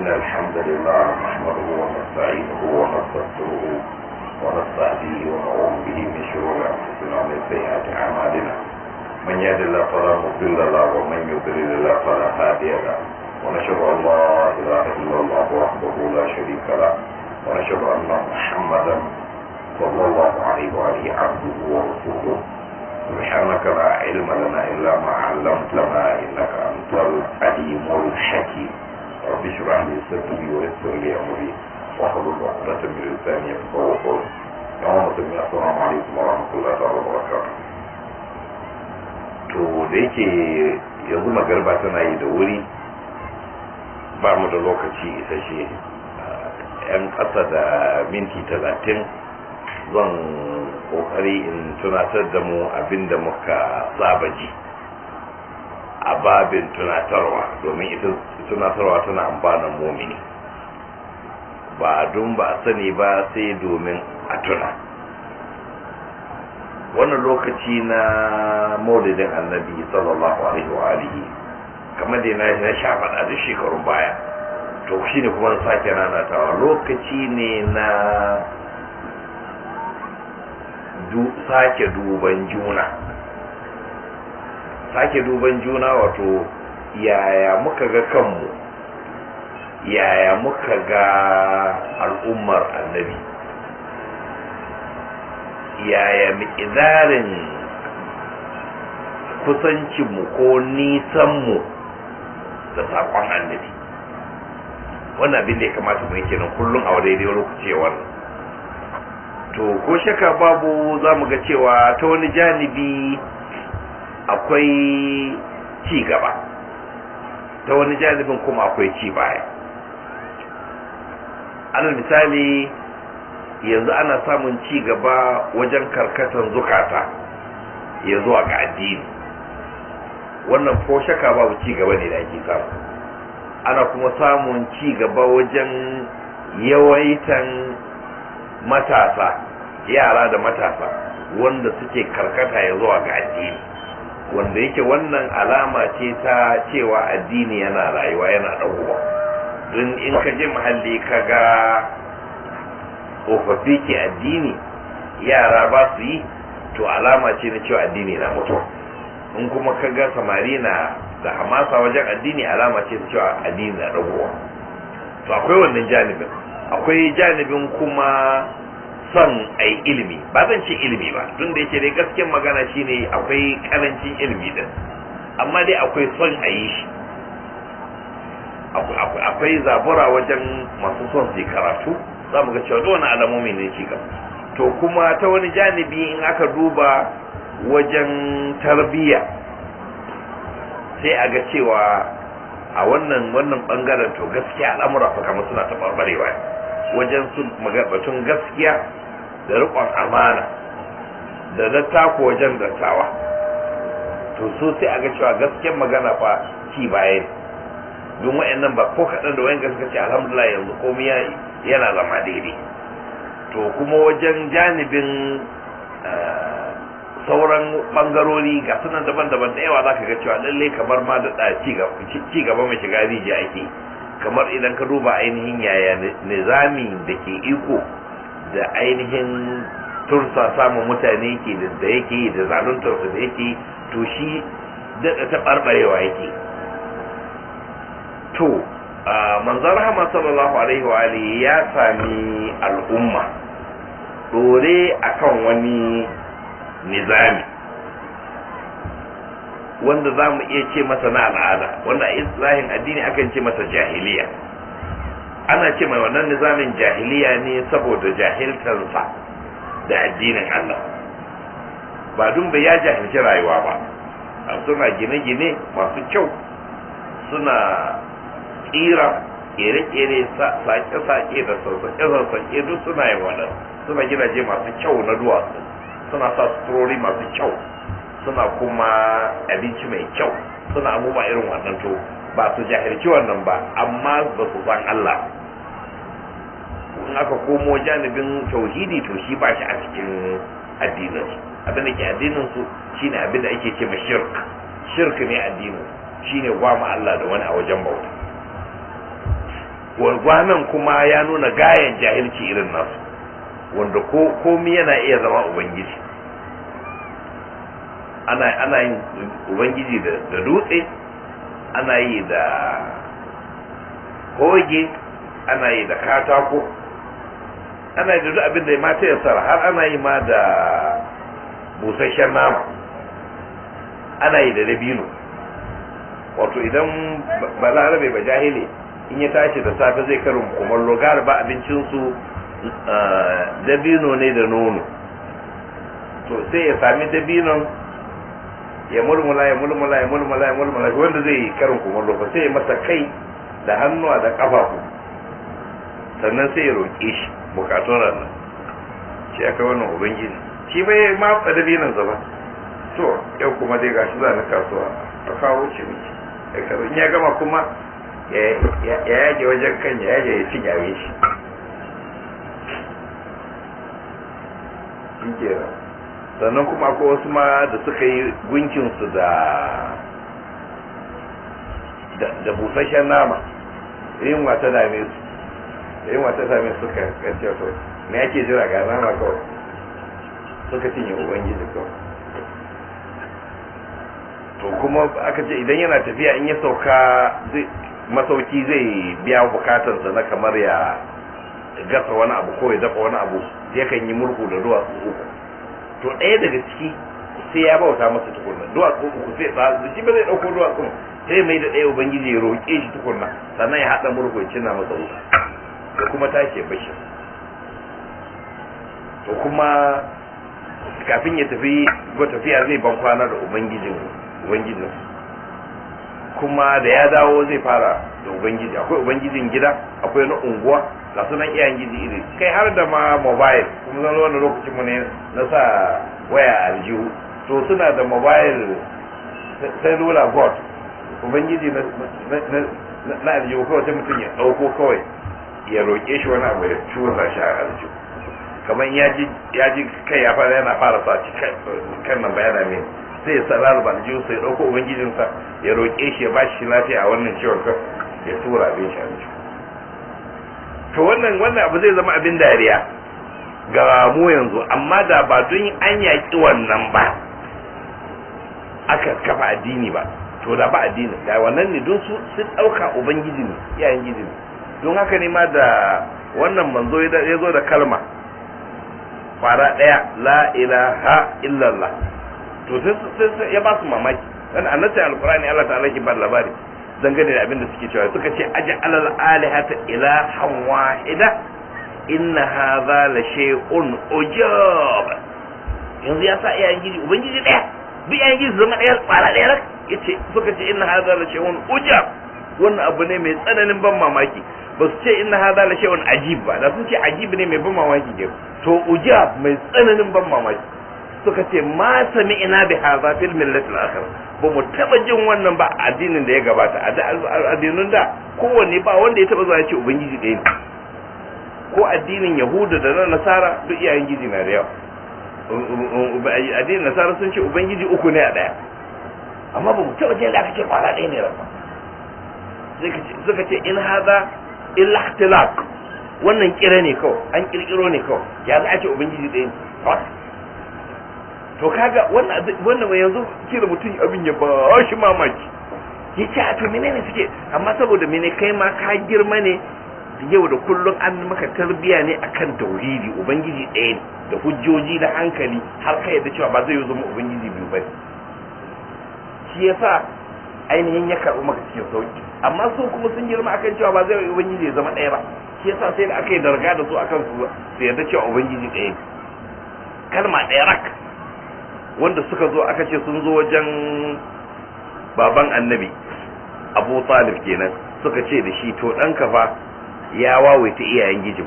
إن الحمد لله نحمده ونستعينه ونستغفره ونستهديه ونعوذ به من شرور أنفسنا ومن سيئات أعمالنا من يهد الله فلا مضل له ومن يضلل الله فلا هادي له ونشهد أن لا إله إلا الله وحده لا شريك له ونشهد أن محمدا صلى الله عليه وآله عبده ورسوله سبحانك لا علم لنا إلا ما علمتنا إنك أنت العليم الحكيم رب اشرح لي ويسر لي امري عقدة من لساني يفقهوا قول يوم السلام عليكم ورحمة الله تعالى وبركاته to da yake yanzu magarba tana yi da wuri ba mu da lokaci isasshe yan ƙasa da minti talatin zan ƙoƙari in tunatar da mu abin da muka saba ji a babin tunatarwa domin ita tunatarwa tana amfanin mumini ba a dun ba a sani ba sai domin a tuna wani lokaci na maulidin annabi sallallahu alaihi wa alihi kamar da na sha faɗa da shekarun baya to shi ne kuma sake nanatawa lokaci ne na sake duban juna sake duban juna wato yaya muka ga kanmu yaya muka ga al'ummar annabi yaya miƙidarin kusancinmu ko nisanmu da saƙon annabi Wani abin da ya kamata mu yi kenan kullum a daidai lokaci wannan to ko shaka babu za mu ga cewa ta wani janibi akwai ci gaba ta wani janibin kuma akwai ci baya alal misali yanzu ana samun ci gaba wajen karkatan zukata ya zuwa ga addini wannan ko shaka babu ci gaba ne da ake samu ana kuma samun ci gaba wajen yawaitan matasa yara da matasa wanda suke karkata ya zuwa ga addini wanda yake wannan alama ce ta cewa addini yana rayuwa yana ɗauwa don in ka je muhalli ka ga tsofaffi ke addini yara ba su yi to alama ce na cewa addini na mutu in kuma ka ga samari na da hamasa wajen addini alama ce ta cewa addini na ɗauwa to akwai wannan janibin akwai janibin kuma son a yi ilimi ba zan ce ilimi ba tun da yake dai gaskiyar magana shine akwai karancin ilimi din amma dai akwai son a yi shi akwai zabura wajen masu son su karatu za mu ga cewa wani alamomi ne ci gaba to kuma ta wani janibi in aka duba wajen tarbiyya sai a ga cewa a wannan wannan bangaren to gaskiya al'amura fa kamar suna taɓarɓarewa wajen su batun gaskiya da riƙon amana da dattako wajen dattawa to so sai a ga cewa gaskiyar magana fa ci baya ne don wa'annan ba ko kaɗan da wa'yan gaskiya ce alhamdulillah yanzu komai yana zama daidai to kuma wajen janibin eh, sauran bangarori ga sunan daban-daban da yawa za ka ga cewa lallai kamar ma da ci gaba mai shiga rijiya ake kamar idan ka duba ainihin yaya nizami da ke iko da ainihin tursa samun mutane ke da yake da zaluntar da yake to shi daga ta barbarewa yake to manzan rahama sallallahu alaihi wa alihi ya sami al'umma dore akan wani nizami wanda za mu iya ce masa na al'ada wanda a islahin addini akan ce masa jahiliya ana ce mai wannan nizamin jahiliya ne saboda jahiltansa da addinin Allah ba dun bai ya jahilci rayuwa ba suna gine-gine masu kyau suna tsira kere-kere sake-sake da sassaƙe-sassaƙe duk suna yi wannan suna gidaje masu kyau na duwatsu suna sa suturori masu kyau suna kuma abinci mai kyau suna abubuwa irin wannan to ba su jahilci wannan ba amma ba su san Allah in aka komo janibin tauhidi to shi ba shi a cikin addinin abin da ke addinin su shine abin da ake ce ma shirk shirk ne addinin shine gwama Allah da wani a wajen bauta gwargwanan kuma ya nuna gayan jahilci irin nasu wanda komi yana iya zama ubangiji ana ana yin ubangiji da dutse ana yi da hoge ana yi da katako ana yi da duk abin da ma ta yassara har ana yi ma da busasshen nama ana yi da dabino wato idan ba larabe ba jahili in ya tashi da safe zai karin kumallo ba abincinsu eh, dabino ne da nono to sai ya sami dabinon ya mulmula ya mulmula ya mulmula ya mulmula wanda zai yi karin kumallo ba sai ya masa kai da hannuwa da kafafu sannan sai ya roƙe shi bukatun ranar shi aka wannan ubangiji shi ba ya matsa da nan zaba to yau kuma dai gashi za na kasuwa a kawo shi miki in ya gama kuma ya yaje wajen kan ya yaje ya cinye shi shi sannan kuma akwai wasu ma da suka yi gunkinsu da da busasshen nama yin wata dame su yin wata dame su suka kace to me ake jira ga nama kawai suka cinye ubangiji kawai to kuma aka ce idan yana tafiya in ya sauka masauki zai biya bukatarsa na kamar ya gasa wani abu ko ya dafa wani abu kan yi murku da duwatsu uku to ɗaya daga ciki sai ya bauta masa tukunna duwatsu uku sai ba shi ba zai ɗauko duwatsun sai mai da ɗaya ubangiji ya roƙe shi tukunna sannan ya haɗa ya na masa wuta da kuma tashi bashi to kuma kafin ya tafi ba tafiya zai ban kwana da ubangijin ubangijin kuma da ya dawo zai fara da ubangiji akwai ubangijin gida akwai na unguwa ga sunan iyayen gidi iri kai har da ma mobile kuma zan wani lokacin mu ne na sa waya aljihu to suna da mobile cellular god ubangiji na aljihu kawai sai mutum ya dauko kawai ya roƙe shi wani abu ya cusa shi a aljihu kamar ya ji kai ya fara yana fara sa kan nan bayana min sai ya sarar aljihu sai ya ɗauko ubangijinsa ya roƙe shi ya ba shi lafiya a wannan ciwon kan ya tura bin shi aljihu to wannan wannan abu zai zama abin dariya ga mu yanzu amma da ba don an yaƙi wannan ba aka kafa addini ba to da ba addini da wannan ne don su sun ɗauka ubangiji ne iyayen gidi ne don haka ne ma da wannan manzo ya zo da kalma fara ɗaya la ilaha illallah to sai ya ba su mamaki dan annabi alqur'ani Allah ta'ala ke bar labari dangane da abin da suke cewa suka ce aji alal alihata ilahan wahida inna hadha la shay'un ujub yanzu ya sa iyayen gidi ubangiji daya bi iyayen gidi zama daya tsara daya rak yace suka ce inna hadha la shay'un ujub wannan abu ne mai tsananin ban mamaki ba su ce inna hadha la shay'un ajib ba da sun ce ajib ne mai ban mamaki ke to ujub mai tsananin ban mamaki suka ce ma sami ina bi haza fil millatil akhir ba mu taba jin wannan ba addinin da ya gabata a da addinin da kowanne ba wanda ya taba zuwa ya ce ubangiji da ne ko addinin yahuda da na nasara duk iyayen giji na da yawa addinin nasara sun ce ubangiji uku ne a ɗaya amma ba mu taba jin da aka ce kwana ɗaya ne ba, suka ce in haza illa ikhtilaf wannan kira ne kawai an kirkiro ne kawai ya za a ce ubangiji ɗaya ne to kaga wannan mai yanzu da mutum abin ya ba shi mamaki ya ce a to menene suke amma saboda mene kai ma ka girma ne yau da kullum an maka tarbiya ne akan tauriri ubangiji ɗaya ne da hujjoji da hankali har ka yadda cewa ba zai yi zama ubangiji biyu ba shi ya sa ainihin ya karɓi maka cikin sauki amma su kuma sun girma akan cewa ba zai yi ubangiji ya zama ɗaya ba shi ya sa sai da aka yi darga da su akan su su yadda cewa ubangiji ɗaya ne kalma ɗaya rak wanda suka zo aka ce sun zo wajen baban annabi abu talib kenan suka ce da shi to ɗan kafa ya wawaita iyayen gijin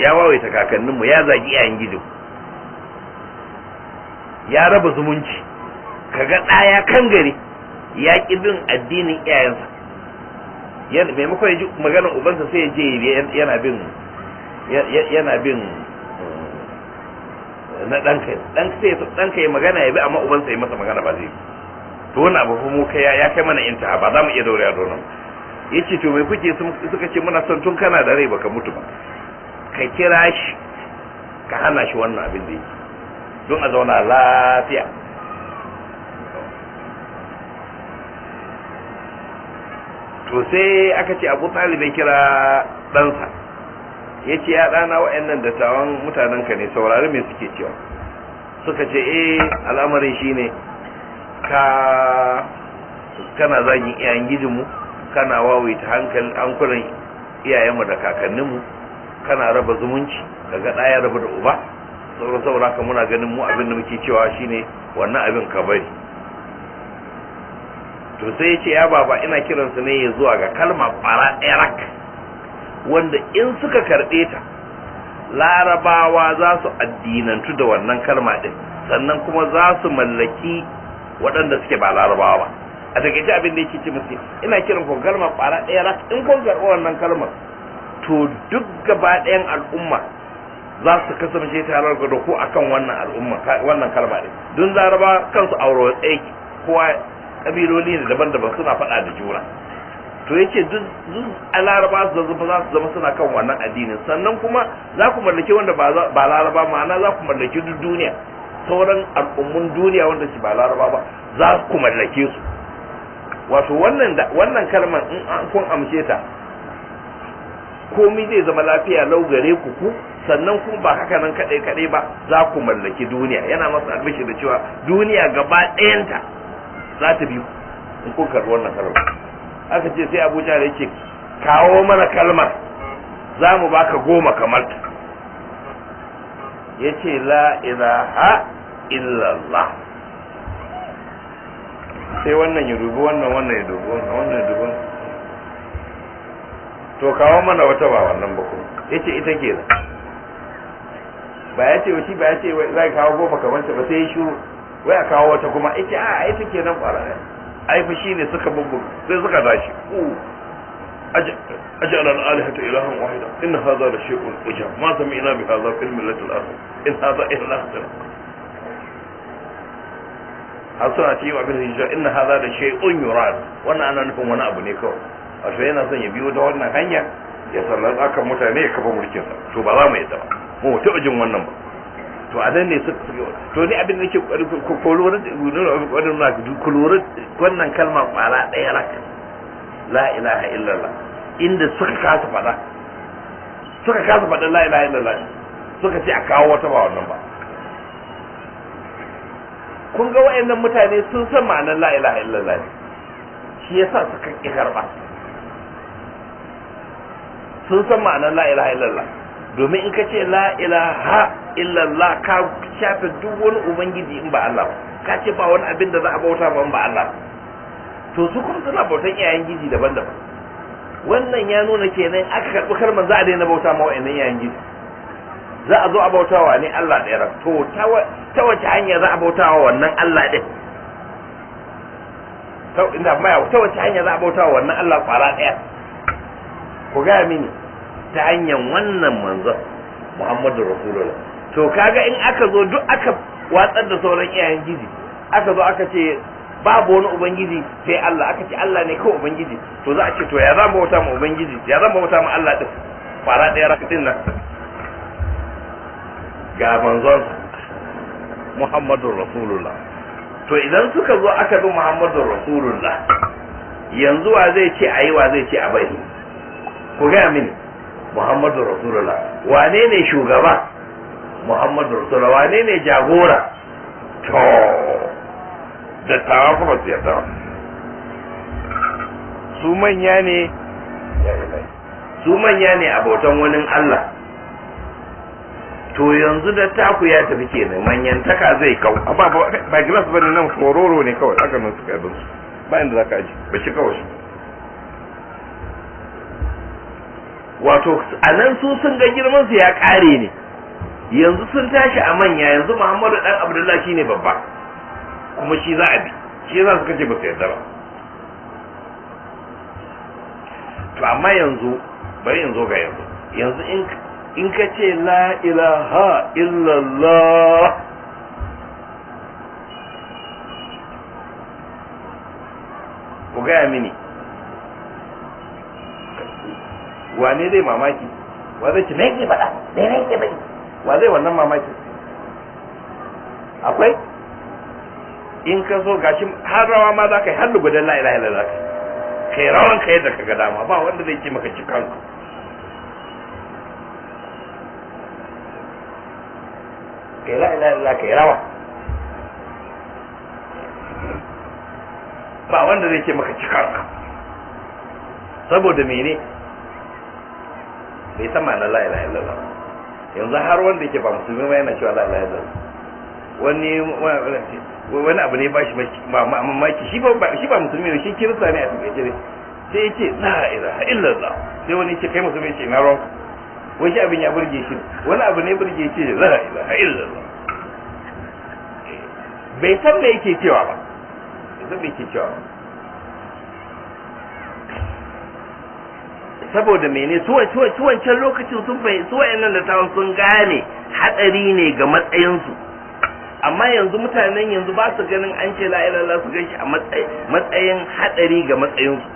ya wawaita kakanninmu ya zagi iyayen gijin ya raba zumunci kaga ɗaya kan gari ya ƙi bin addinin iyayensa maimakon ya ji maganar ubansa sai ya je yana bin yana bin na ɗanka ɗanka ya magana ya bi amma ubansa ya masa magana ba zai to wani abu fa mu kai ya kai mana inta ba za mu iya daure a donon yace to mai kuke suka ce muna son tun kana da rai baka mutu ba ka kira shi ka hana shi wannan abin da yake don a zauna lafiya to sai aka ce abu talibai ya kira ɗansa ya ce ya ɗana wa'annan dattawan mutanenka ne saurari mai suke cewa suka ce eh al'amarin shi ne ka kana zagin iyayen gijinmu kana wawaita hankali ankulan iyayenmu da kakanninmu kana raba zumunci daga ɗaya raba da uba sauran saura ka muna ganin mu abin da muke cewa shi ne, wannan abin ka bari to sai ya ce ya baba ina kiransu ne ya zuwa ga kalma ɓara ɗaya wanda in suka karɓe ta larabawa za su addinantu da wannan kalma ɗin sannan kuma za su mallaki waɗanda suke ba larabawa ba a takaice abin da yake ce musu ina kiran ku kalma ƙwara ɗaya ra in kun karɓi wannan kalmar to duk gaba ɗayan al'umma za su kasance tare da ku akan wannan al'umma wannan kalma ɗin don laraba kansu aure tsaye kowa kabiloli ne daban-daban suna faɗa da jura. to yace duk duk alaraba su zama za su zama suna kan wannan addinin sannan kuma za ku mallaki wanda ba laraba ma'ana za ku mallaki duk duniya sauran al'ummun duniya wanda su ba laraba ba za ku mallake su wato wannan wannan kalmar in an kun amshe ta komai zai zama lafiya lau gare ku ku sannan kuma ba haka nan kadai kadai ba za ku mallaki duniya yana masu albishi da cewa duniya gaba ɗayanta za ta bi in kun karɓi wannan kalmar aka ce sai abu jahal yake kawo mana kalmar za mu baka goma kamar ta ya ce la ilaha illallah sai wannan ya dubi wannan wannan ya dubi wannan wannan ya dubi to kawo mana wata ba wannan ba kuma ya ce ita ke da ba ya ce wace ba ya ce za kawo goma kamar ta ba sai ya shuru wai a kawo wata kuma ita a ita ke nan ƙwararren aifi shi ne suka bubbu sai suka tashi أجعل الآلهة إلها واحدا إن هذا لشيء عجاب ما bi hadha fil الملة al إن in hadha illa hasuna ta ati wa bin hijira inna hadha da shay'un yurad wannan ana nufin wani abu ne kawai wato yana son ya biyo ta wannan hanya ya sallar aka mutane ya kafa mulkin sa to ba za mu yadda ba mu ta ujin wannan ba to a nan ne su to ni abin da nake kolorin wannan kalma kwara ɗaya rak la ilaha illallah inda suka kasa faɗa suka kasa faɗa la ilaha illallah suka ce a kawo wata ba wannan ba kun ga wayannan mutane sun san ma'anar la ilaha illallah ne shi yasa suka ki karba sun san ma'anar la ilaha illallah domin in ka ce la ilaha illallah ka shafe duk wani ubangiji in ba Allah ba ka ce ba wani abin da za a bauta ba ba Allah ba to su kuma suna bautan iyayen giji daban-daban wannan ya nuna kenan aka karɓi kalmar za a daina bauta ma wa'annan iyayen giji za a zo a wa ne Allah ɗaya ran to ta wace hanya za a bauta wa wannan Allah ɗin ina maya ta wace hanya za a bauta wa wannan Allah ƙwara ɗaya ku gaya mini ta hanyar wannan manzon Muhammadu Rasulullah to kaga in aka zo duk aka watsar da sauran iyayen gidi, aka zo aka ce babu wani ubangiji sai Allah aka ce Allah ne kawai ubangiji to za a ce to ya zama bauta ma ubangiji ya zama bauta ma Allah din fara ɗaya rakatin nan ga manzon Muhammadur Rasulullah to idan suka zo aka zo Muhammadur Rasulullah yanzu wa zai ce ayi wa zai ce a bai ku ga mini Muhammadur Rasulullah wane ne shugaba muhammadu rasulullah wane ne jagora to da tawafuwa ya ta su manya ne su manya ne abotan wani allah to yanzu da taku ya tafi ke kenan manyan taka zai kawo. ba ba glass bane nan kororo ne kawai aka nan suka su. ba inda za ka aji ba shi kawai wato anan su sun ga girman su ya kare ne yanzu sun tashi a manya yanzu muhammadu dan abdullahi shine babba kuma shi za a bi shi za suka kace ba su yarda ba to amma yanzu bari yanzu ga yanzu yanzu in in ka ce la ilaha illallah ku gaya mini wane zai mamaki wa zai ce me yake faɗa me yake faɗi wa zai wannan mamaki akwai in ka zo gashi har rawa ma za ka yi hannu lugudan la ilaha illallah ka kai rawan ka yadda ka gada ma ba wanda zai ce maka ci kanka kai la ilaha illallah kai rawa ba wanda zai ce maka ci kanka saboda mene bai san ma'anar la ilaha illallah yanzu har wanda yake ba musulmi ma yana cewa la ilaha illallah wani wani abu ne ba shi mamaki shi ba shi ba musulmi ne shi kirista ne a cikin ne sai yake la ilaha illallah sai wani yake kai musulmi ce na ruwan wani abin ya burge shi wani abu ne burge shi la ilaha illallah eh, bai san me yake cewa ba bai san me yake cewa ba saboda mene su wancan lokacin sun fahimci su wayannan da sun gane hatsari ne ga matsayinsu amma yanzu mutanen yanzu ba su ganin an ce la su su shi a matsayin hatsari ga matsayinsu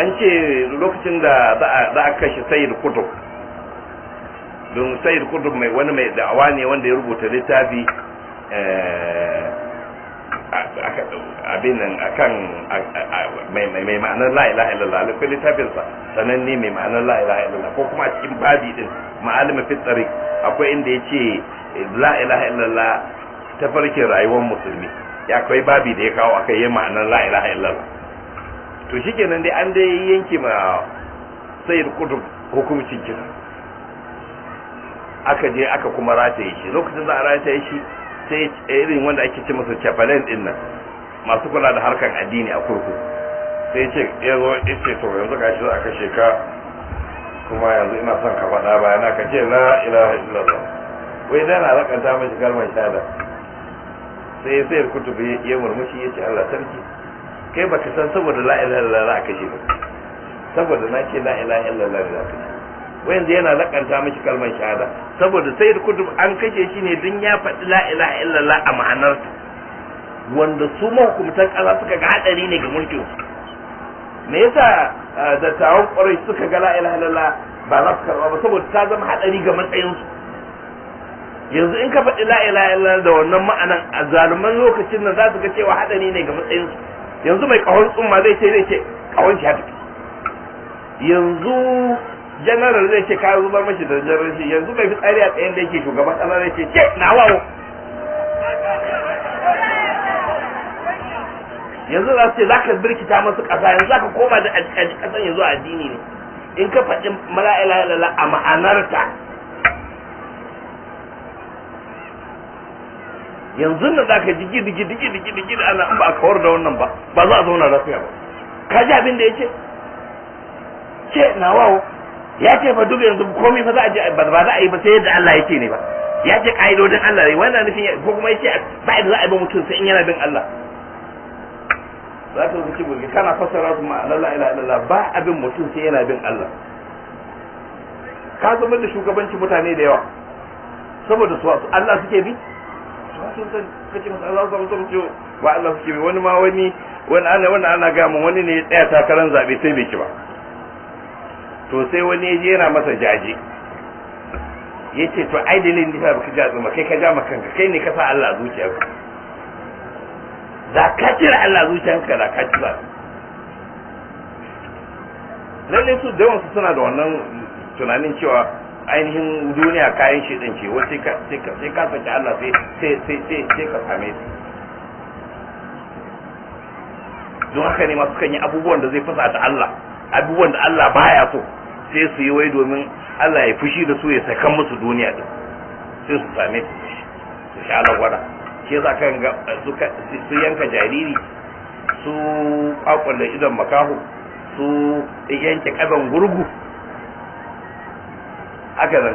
an ce lokacin da za a kashe sayyid Kudu, don sayyid Kudu mai wani mai da'awa ne wanda ya rubuta littafi eh, abin nan akan mai ma'anar la ilaha illallah alifin littafin sa sananne mai ma'anar la ilaha illallah ko kuma a cikin babi din ma'alima fi akwai inda yace la ilaha illallah tafarkin rayuwar musulmi ya akwai babi da ya kawo akai yin ma'anar la ilaha illallah to shikenan dai an dai yanke ma sayyid kutub hukuncin kisa aka je aka kuma rataye shi lokacin da a rataye shi sai irin wanda ake ce masa chaplain din nan masu kula da harkan addini a kurku sai ce ya zo ya ce to yanzu ga shi za a kashe ka kuma yanzu ina son ka faɗa yana ka ce la ilaha illallah wai da na rakanta mashi kalmar Shada? sai ya sayar kutubi ya murmushi ya ce Allah sarki kai baka san saboda la ilaha illallah za a kashe ba saboda na ce la ilaha illallah za a kashe yanzu yana lakanta miki kalmar shahada saboda sai kutub an kashe shi ne don ya faɗi la ilaha illallah a ma'anarta wanda su mahukumtan ƙasa suka ga haɗari ne ga mulkin me yasa dattawan ƙwarai suka ga la ilaha illallah ba za su karɓa ba saboda ta zama haɗari ga matsayinsu yanzu in ka faɗi la ilaha illallah da wannan ma'anan a zaluman lokacin nan za su ga cewa haɗari ne ga matsayin su yanzu mai ƙahon tsumma zai ce zai ce ƙahon shi yanzu janaral zai ce kayan zubar mashi da janaral shi yanzu bai fi tsari a tsayin da yake shugaban kasa zai ce ke na wawo yanzu za su ce za ka birkita masu kasa yanzu za ka koma da kasan yanzu a addini ne in ka faɗi mala'ila a ma'anarta yanzu nan za ka ji gidi gidi gidi gidi gidi ana ba a kawar da wannan ba ba za a zauna lafiya ba ka ji abin da ya ce ke na wawo ya ce fa duk yanzu komai fa za a je ba za a yi ba sai yadda Allah ya ce ne ba ya ce ka'idodin Allah ne wannan nufin ko kuma yace ba yadda za a yi ba mutum sai in yana bin Allah za ka zuci burgi kana fassara su ma'ana la ilaha illallah ba abin mutum sai yana bin Allah ka zama da shugabanci mutane da yawa saboda su Allah suke bi kace masa Allah zama zama ciwo ba Allah suke bi wani ma wani wani ana wani ana mun wani ne ya tsaya takaran zabe sai bai ci ba to sai wani ya jera masa jaje ya ce to ai dalilin da baka ja zuma kai ka ja ma kanka kai ne ka sa Allah zuciyarka da ka cire Allah zuciyarka da ka cire lalle su da wasu suna da wannan tunanin cewa ainihin duniya kayan shi din ce wasu sai ka saki Allah sai sai sai sai ka same su don haka ne masu kan yi abubuwan da zai fasa ta Allah abubuwan da Allah baya so sai su yi wai domin Allah ya fushi da su ya sakan musu duniya din sai su same su su sha gwada ke za kan ga su yanka jariri su da idan makaho su yanke kaban gurgu haka nan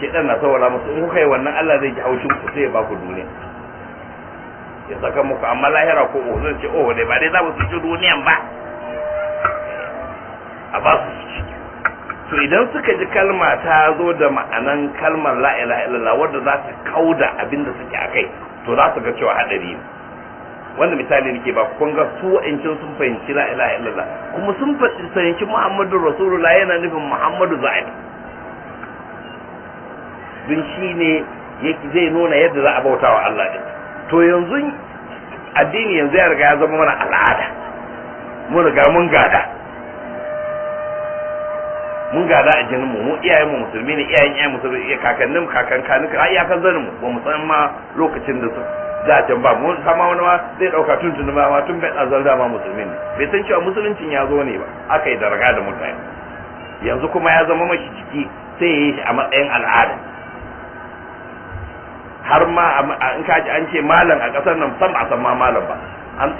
shedan na saurara musu in kuka yi wannan Allah zai ji haushin ku sai ya ba ku duniya ya saka muku amma lahira ko ozon ce o oh, dai ba dai za mu ci duniyan ba to idan suka ji kalma ta zo da ma'anan kalmar la ilaha illallah wanda za ta kauda abin da suke akai to za su ga cewa hadari ne wanda misali nake ba kun ga su wa'ancin sun fahimci la ilaha illallah kuma sun fahimci muhammadu rasulullah yana nufin muhammadu za'id dun shi ne zai nuna yadda za a bauta wa Allah din to yanzu addini yanzu ya riga ya zama mana al'ada mun riga mun gada mun gada a jinin mu mu iyayen mu musulmi ne iyayen iyayen musulmi iya kakannin kakan kanin ka iya kan zanin mu ba mu san ma lokacin da su za can ba mu wani ma zai dauka tun tun ma tun bai da zalda ma musulmi ne bai san cewa musuluncin ya zo ne ba aka yi raga da mutane yanzu kuma ya zama mashi jiki sai ya yi shi a matsayin al'ada har ma an ka ji an ce malam a kasar nan sam a san ma malam ba an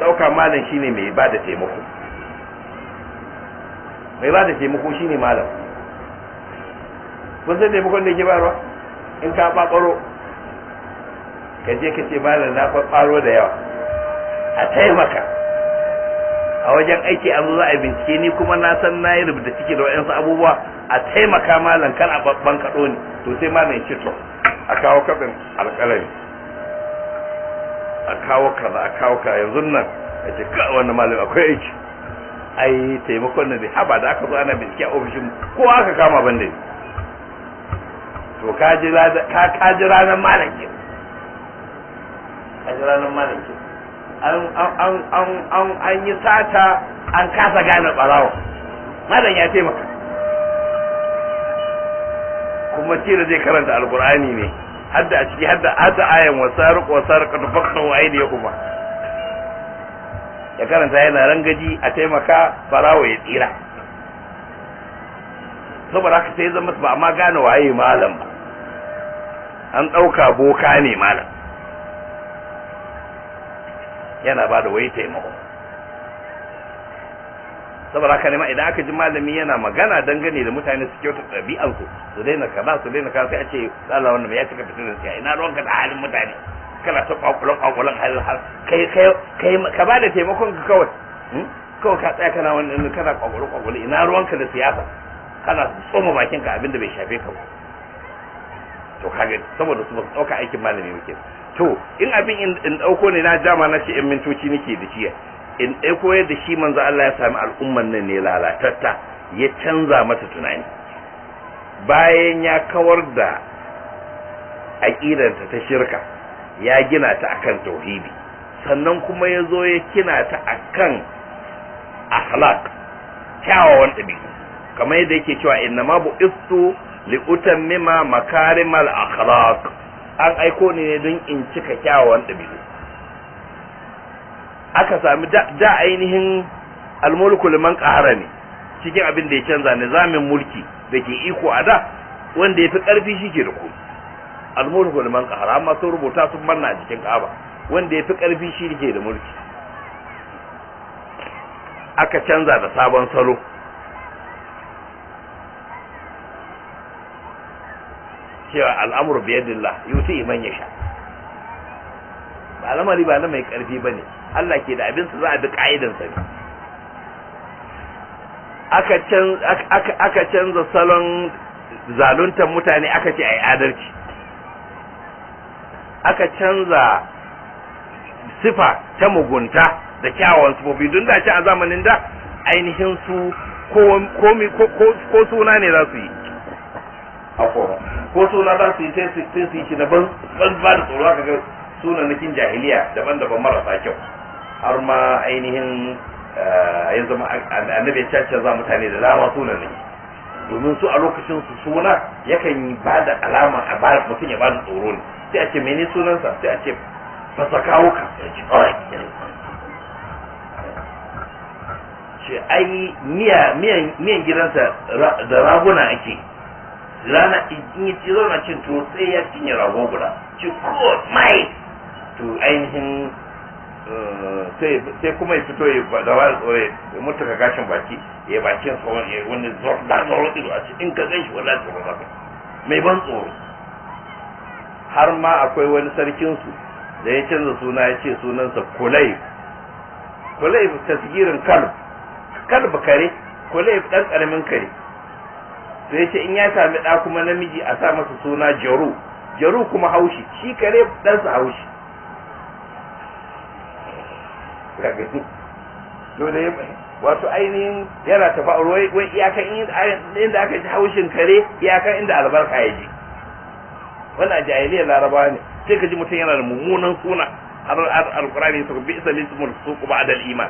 ɗauka malam shine mai ba da taimako mai ba da taimako shine malam kun san taimakon da yake bayarwa in ka ɓaɓaro ka je ka ce malam na ɓaɓaro da yawa a taimaka a wajen aiki an zuwa a bincike ni kuma na san na yi rubuta ciki da wa'yansu abubuwa a taimaka malam kan a babban kaɗo ne to sai malam ya ce to a kawo kaɗin alƙalami a kawo kaza a kawo kaza yanzu nan a ce kawo wani malam akwai aiki ai taimakon na zai haba da aka zo ana bincike a ofishin ko aka kama ban da to ka ji ranar malaki ka ji ranar malaki an yi sata an kasa gane barawa malam ya taimaka kuma da zai karanta alkur'ani ne hadda a ciki hadda a ta ayan wasariq wasariq tafaqahu kuma. ya karanta yana rangaji a taimaka farawa ya tsira saboda haka sai zama ba amma gane waye malam ba an ɗauka boka ne malam yana ba da wai taimako saboda haka ne ma idan aka ji malami yana magana dangane da mutane su kyautar ɗabi'ansu su daina kaza su daina kaza sai a ce wanda mai ya cika fitinar siya ina ruwanka da halin mutane kana ta kwakulan kwakulan har kai kai kai ka bada taimakon ka kawai hmm? kawai ka tsaya kana wannan kana kwakulan kwakulan ina ruwanka da siyasa kana tsoma bakin ka abinda bai shafe ka ba to kage saboda su ba su dauka aikin malami muke to in abin in dauko ne na jama na ce in mintoci nake da shi in dauko yadda shi manzo Allah ya sami al'umman nan ne lalatatta ya canza mata tunani bayan ya kawar da aƙidarta ta shirka ya gina ta akan tauhidi sannan kuma ya zo ya kina ta akan akhlaq kyawawan ɗabi'u kamar yadda yake cewa inna ma bu istu li utammima makarimal akhlaq an aiko ni ne don in cika kyawawan ɗabi'u aka sami da ainihin almulku liman qahara ne cikin abin da ya canza nizamin mulki da ke iko a da wanda ya fi ƙarfi shi ke da kuma almulku liman qahara amma sun rubuta sun manna a jikin ka'aba wanda yafi karfi shi ke da mulki aka canza da sabon salo cewa al'amuru yadillah yuti iman yasha ba lamari ba na mai karfi bane Allah ke da abin su za a bi kaidan sa aka canza salon zaluntar mutane aka ce ai adalci aka canza sifa ta mugunta da kyawawan sufofi don da ce a zamanin da ainihin su ko suna ne za su yi ko suna za su yi sai su yi shi daban ba da tsoro aka ga sunanakin jahiliya daban-daban marasa kyau har ma ainihin eh, ya zama annabi ya caca za mutane da dama sunanaki domin su a lokacin su suna yakan ba da alama a ba mutum ya ba da tsoro ne sai a ce mene sunansa sai a ce fasa kawo ka ce ai miyan gidansa da raguna ake rana in yi ci zauna cin tuwo sai ya cinye rago guda ci ko oh mai to ainihin eh, sai kuma ya fito ya da da tsoro ya mutu ka gashin baki ya bakin ya yi wani zorda zoro ido a cikin ka gan shi wani tsoro ba mai ban tsoro har ma akwai wani sarkinsu da ya canza suna ya ce sunansa kulai kulai tasgirin kalb kalb kare kulai dan karamin kare sai ce in ya sami da kuma namiji a sa masa suna jaru jaru kuma haushi shi kare dan sa haushi to da wato ainihin yana tafa wai iyakan inda aka ji haushin kare iyakan inda albarka ya ji wannan jahiliyar larabawa ne sai ka ji mutum yana da mummunan suna alkurani su bi isa lismul su ba adal iman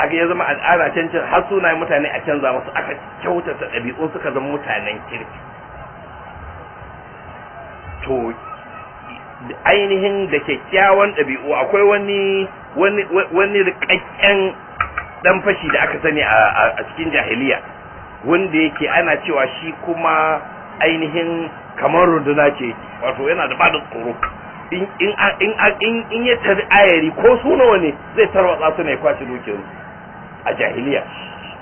aka ya zama al'ada cancin har suna mutane a canza musu aka kyautata ɗabi'un suka zama mutanen kirki to ainihin da kyakkyawan ɗabi'u akwai wani wani wani rikakken dan fashi da aka sani a cikin jahiliya wanda yake ana cewa shi kuma ainihin kamar runduna ce wato yana da bada tsoro in ya tari ayari ko su nawa ne zai tarwatsa su ne kwace dukiyar a jahiliya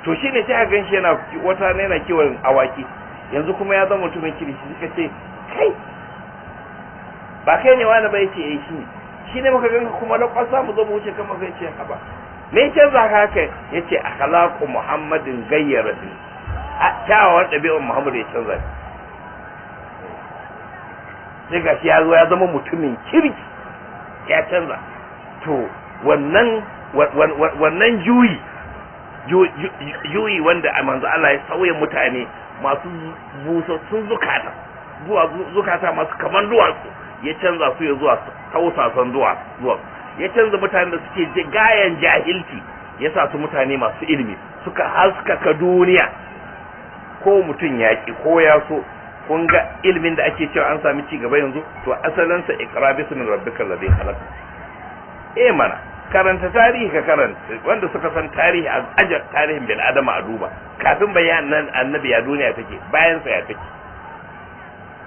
to shine sai ka ganshi yana wata ne yana kiwon awaki yanzu kuma ya zama mutumin kirishi suka ce kai ba kai ne wani ba ya yi eh, shi ne shi ne muka ganka kuma da kwasa mu zo mu wuce kan maka haba me canza haka ya ce akhlaqu muhammadin gayyara din a kyawawan ɗabi'ar muhammadu ya canza sai ga shi ya zo ya zama mutumin kirki ya canza to wannan wannan juyi juyi wanda manzo Allah ya sauya mutane masu busassun zukata zuwa zukata masu kaman duwatsu ya canza su ya zuwa tausasan duwatsu ya canza mutane da suke gayan jahilci ya sa su mutane masu ilimi suka haskaka duniya ko mutum ya ki ko ya so kun ga ilimin da ake cewa an sami ci gaba yanzu to asalinsa ikra bismin rabbikal ladhi khalaq eh mana karanta tarihi ka karanta wanda suka san tarihi a ajar tarihin bil adama a duba kafin bayanan annabi ya duniya take bayan sa ya take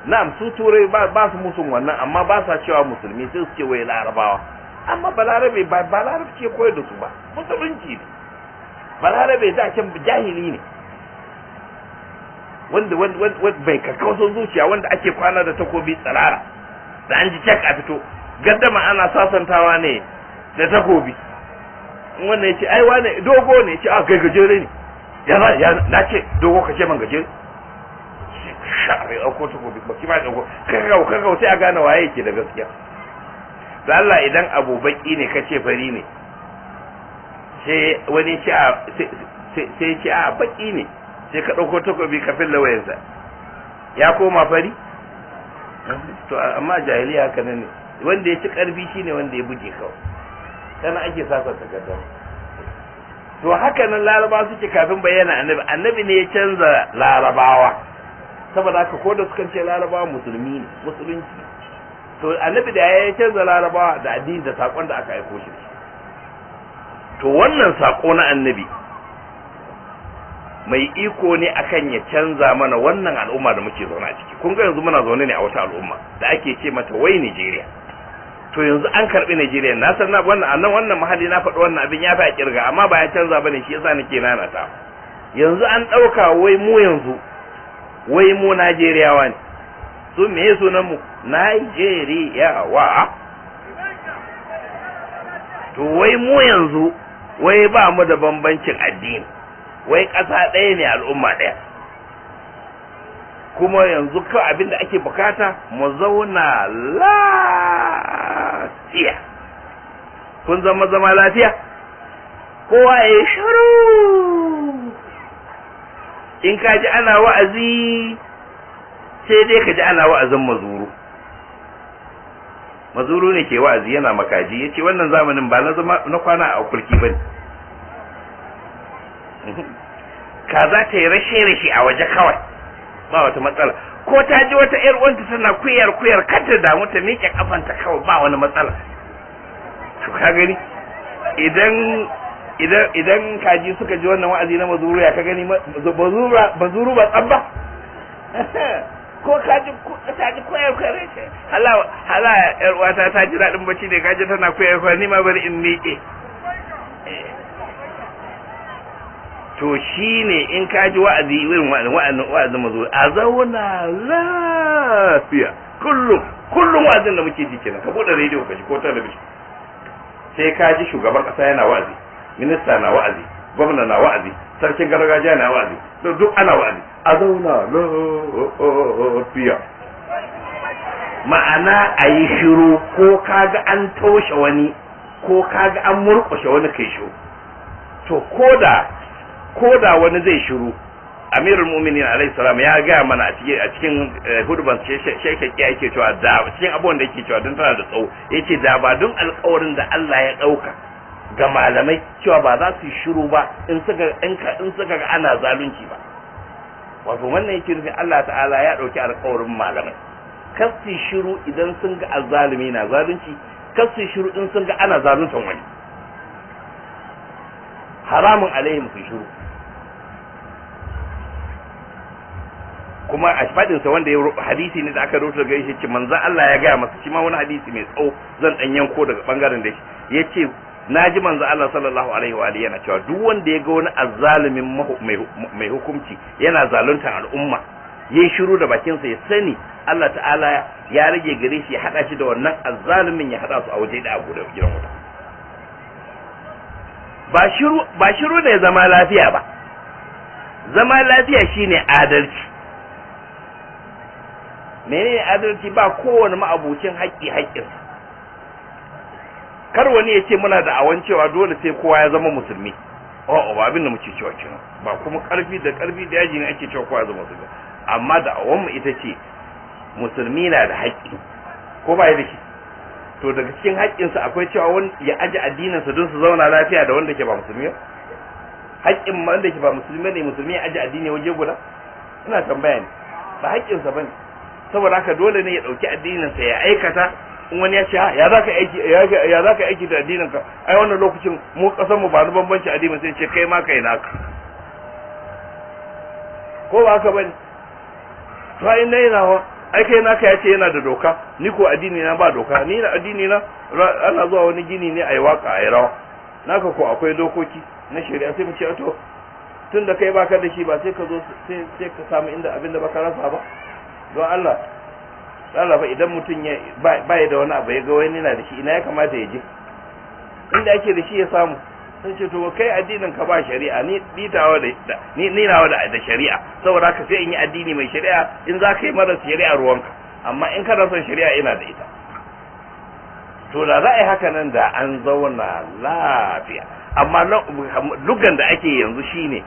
na'am su turai ba su musun wannan amma ba sa cewa musulmi sai su ce wai larabawa amma balarabe ba ke koyar da su ba musulunci ne balarabe da can jahili ne wanda wanda bai kakkausan zuciya wanda ake kwana da takobi tsalara da an ji cak a fito gaddama ana sasantawa ne da takobi wannan ya ce ai wane dogo ne ya ce a ah, kai gajere ne ya za ya na ce dogo ka ce man gajere sha bai ɗauko takobi ba ki ya ɗauko kakau kakau sai a gane waye ke da gaskiya to Allah idan abu baki ne kace fari ne sai wani ce a sai a baki ne sai ka dauko takobi ka filla wayansa ya koma fari to amma jahiliya haka ne wanda ya ci karbi shine wanda ya buge kawai kana ake sasa takardar to haka nan laraba suke kafin bayyana annabi annabi ne ya canza larabawa saboda haka ko da suka ce larabawa musulmi ne musulunci to annabi da ya canza larabawa da addini da sakon da aka aiko shi to wannan sako na annabi mai iko ne akan ya canza mana wannan al'umma da muke zaune a ciki kun ga yanzu muna zaune ne a wata al'umma da ake ce mata wai Nigeria to yanzu an karbi Nigeria na san na wannan annan wannan mahalli na faɗi wannan abin ya fi a kirga amma ba ya canza bane shi yasa nake nanata yanzu an ɗauka wai mu yanzu wai mu nigeria wani. su me sunan mu wa? to wai mu yanzu wai ba mu da bambancin addini wai ƙasa ɗaya ne al'umma ɗaya kuma yanzu kawai abin da ake bukata mu zauna lafiya kun zama zama lafiya kowa ya shiru in ka ji ana wa'azi sai dai ka ji ana wa'azin mazuru mazuru ne ke wa'azi yana makaji yace wannan zamanin ba na zama na kwana a kulki bane ka za ta yi rashe rashe a waje kawai ba wata matsala ko ta ji wata yar wanta tana kuyar kuyar kanta damu ta miƙe kafanta kawai ba wani matsala to ka gani idan idan idan kaji suka ji wannan wa'azi na mazuru ya ka gani mazuru ba tsabba ko kaji kaji ta koyar koyar ce hala hala yar uwata ta ji dadin bacci da kaje tana koyar koyar ni ma bari in miƙe eh. to shine in kaji wa'azi irin wa'azi wa'azi mazo a zauna lafiya kullum kullum wa'azin da muke ji kenan ka bude rediyo ka ji ko talabijin sai kaji shugaban kasa yana wa'azi minista na wa'azi gwamna na wa'azi sarkin gargajiya na wa'azi to duk ana wa'azi a zauna lafiya ma'ana a yi shiru ko kaga an toshe wani ko kaga an murƙushe wani kai shiru to koda koda wani zai shiru amirul muminin alaihi salam ya gaya mana a cikin eh, hudban shekaki yake cewa da cikin abubuwan da yake cewa don tana da tsawo yace da ba don alƙawarin da Allah ya ɗauka ga malamai cewa ba za su shiru ba in suka in suka ga ana zalunci ba wato wannan yake nufin Allah ta'ala ya ɗauki alƙawarin malamai kar su shiru idan sun ga azzalumi na zalunci kar su shiru in sun ga ana zaluntan wani haramun alaihim su shiru kuma a fadinsa wanda ya hadisi ne da aka rubuta daga shi ce manzan Allah ya gaya masa shi ma wani hadisi mai tsawo zan dan yanko daga bangaren da shi yace na ji manzo Allah sallallahu alaihi wa yana cewa duk wanda ya ga wani azzalumin mai hukunci yana zaluntar al'umma ya shiru da bakinsa ya sani Allah ta'ala ya rage gare shi ya hada shi da wannan azzalumin ya haɗa su a waje da abu da gidan wuta ba shiru ba shiru ne zama lafiya ba zama lafiya shine adalci menene adalci ba kowane ma'abucin haƙƙi haƙƙinsa kar wani ya ce muna da awan cewa dole sai kowa ya zama musulmi a'a ba abin da muke cewa kenan ba kuma karfi da karfi da yaji ne ake cewa kowa ya zama musulmi amma da awan mu ita ce musulmi na da haƙƙi ko ba ya da to daga cikin haƙƙinsa akwai cewa wani ya addinin addininsa don su zauna lafiya da wanda ke ba musulmi haƙƙin wanda ke ba musulmi ne musulmi ya aje addini waje guda ina tambaya ne ba haƙƙinsa sa bane saboda haka dole ne ya ɗauki addininsa ya aikata in wani ya ce ha ya ka aiki ya ka aiki da addinin ka ai wannan lokacin mu kasan mu ba ni bambanci addini sai ce kai ma kai naka ko ba haka bane to ai nayi wa ai kai naka ya ce yana da doka ni ko addini na ba doka ni na addini na ana zuwa wani gini ne ai waka ai rawa naka ko akwai dokoki na shari'a sai mu ce to tun da kai baka da shi ba sai ka zo sai ka samu inda abin da baka rasa ba don Allah Allah idan mutum ya da wani abu ya ga wani yana da shi ina ya kamata ya je inda ake da shi ya samu sai ce to kai addinin ka ba shari'a ni ni da ni ni nawa da da shari'a saboda ka sai in yi addini mai shari'a in za ka yi mara shari'a ruwanka amma in kana son shari'a ina da ita to da za a yi haka nan da an zauna lafiya amma lugan da ake yanzu shine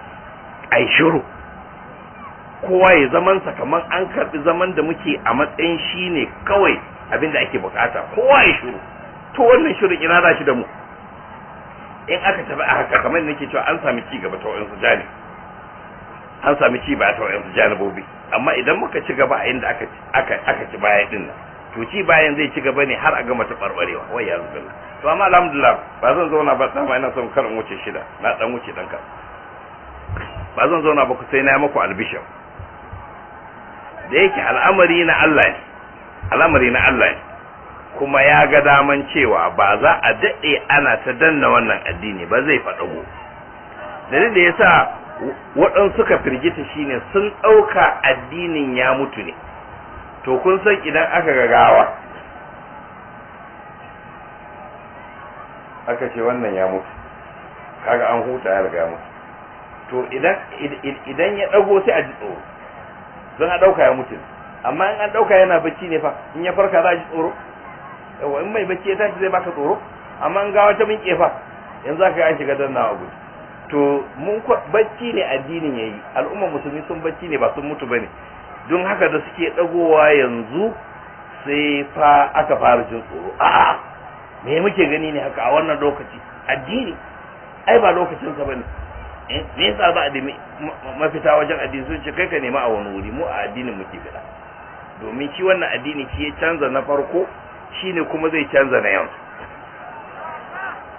ai shiru kowa ya zaman sa kamar an karbi zaman da muke a matsayin shi ne kawai abin da ake bukata kowa ya shiru to wannan shuru ina za shi da mu in aka tafi a haka kamar nake cewa an sami ci gaba ta wayansu jani an sami ci ba ta wayansu janibobi amma idan muka ci gaba a inda aka aka aka ci baya din nan to ci bayan zai ci gaba ne har a gama ta barbarewa wai ya zuba to amma alhamdulillah ba zan zauna ba dama ina son karin wuce shida na dan wuce dan ka ba zan zauna ba ku sai na yi muku albishir da yake al'amari na Allah ne al'amari na Allah ne kuma ya ga daman cewa ba za a daɗe ana ta danna wannan addini ba zai faɗago dalilin da ya sa waɗansu suka firgita shine sun ɗauka addinin ya mutu ne to kun san idan aka ga gawa aka ce wannan ya mutu kaga an huta ya riga mutu to idan ya ɗago sai a ji tsoro don a ɗauka ya mutu amma in an ɗauka yana bacci ne fa in ya farka za a ji tsoro yawa in mai bacci ya tashi zai baka tsoro amma in gawa ta min fa yanzu aka an shiga dannawa gudu to mun bacci ne addinin ya yi al'ummar musulmi sun bacci ne ba sun mutu ba ne don haka da suke dagowa yanzu sai fa aka fara jin tsoro a'a me muke gani ne haka a wannan lokaci addini ai ba lokacinsa ba ne. Eh, me yasa ba a mafita wajen addini sun ce kai ka nemi a wani wuri mu a addinin muke bida domin shi wannan addini shi ya canza na farko shine kuma zai canza na yanzu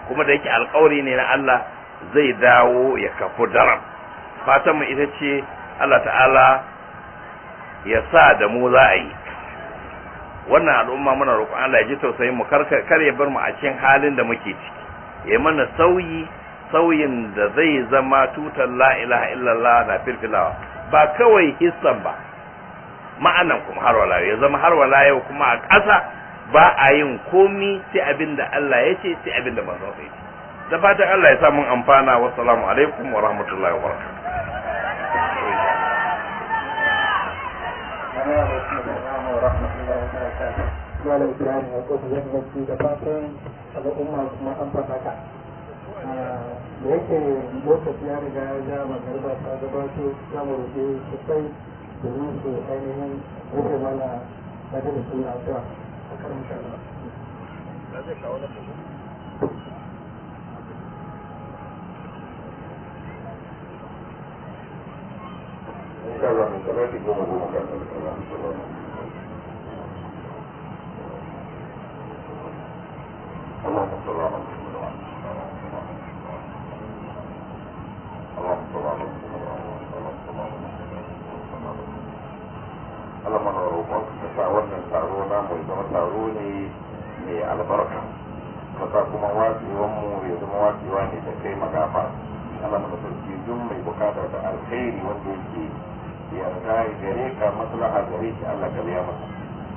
kuma da yake alkawari ne na Allah zai dawo ya kafu daram fatan mu ita ce Allah ta'ala ya sa da mu za a yi wannan al'umma muna roƙon Allah ya ji tausayin mu kar ya bar mu a cikin halin da muke ciki ya mana sauyi sauyin da zai zama tutar la illallah na firfilawa ba kawai hissan ba ma'anan kuma har ya zama har kuma a ƙasa ba a yin komi sai abin da Allah ya ce sai abin da manzon sa ce da fatan Allah ya sa mun amfana wa salamu alaikum wa rahmatullahi wa barakatuh ya da al'umma da yake lokaci ya riga ya ja magarba ta gabato za mu rufe sosai domin su ainihin rufe mana tare da suna ta a karin shara. إن شاء الله من ثلاثة يوم هو مكان الكلام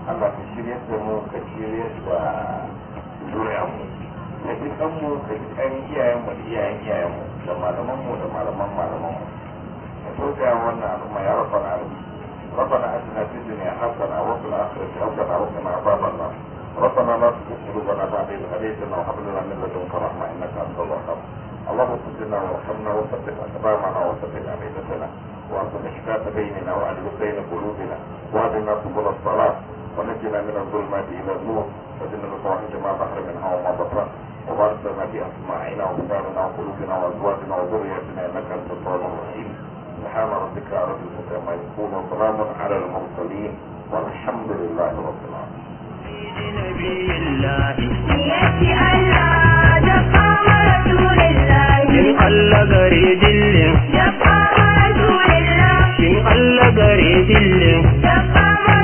a ba su shirya da mu ka shirya ba zuwa mu da duk an mu ka duk an iyayen mu da mu da malaman mu da malaman malaman mu da to ga wannan al'umma ya rafa na alu aji na fiye ne a hasana a wasu na akirci a wasu na wasu na ababen nan rafa na na su kuskuru ba da hade da na hafi na min da don ma ina ka an zaba kama Allah ku tuje na wa kamna wa fatiha ta ba ma na wa fatiha mai da sana wa ku shika ta bayyana wa alu bayyana qulubina wa bi na subul salat ونجنا من الظلمات إلى النور وزدنا بفواحش ما بحر منها وما بطن وبارك لنا في أسماعنا وأبصارنا وقلوبنا وأزواجنا وذرياتنا إنك أنت الطالب الرحيم سبحان ربك رب العزة ما يصفون وسلام على المرسلين والحمد لله رب العالمين. نبي الله رسول الله الله الله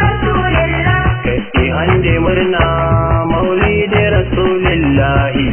ande murna maulidi rasulillahi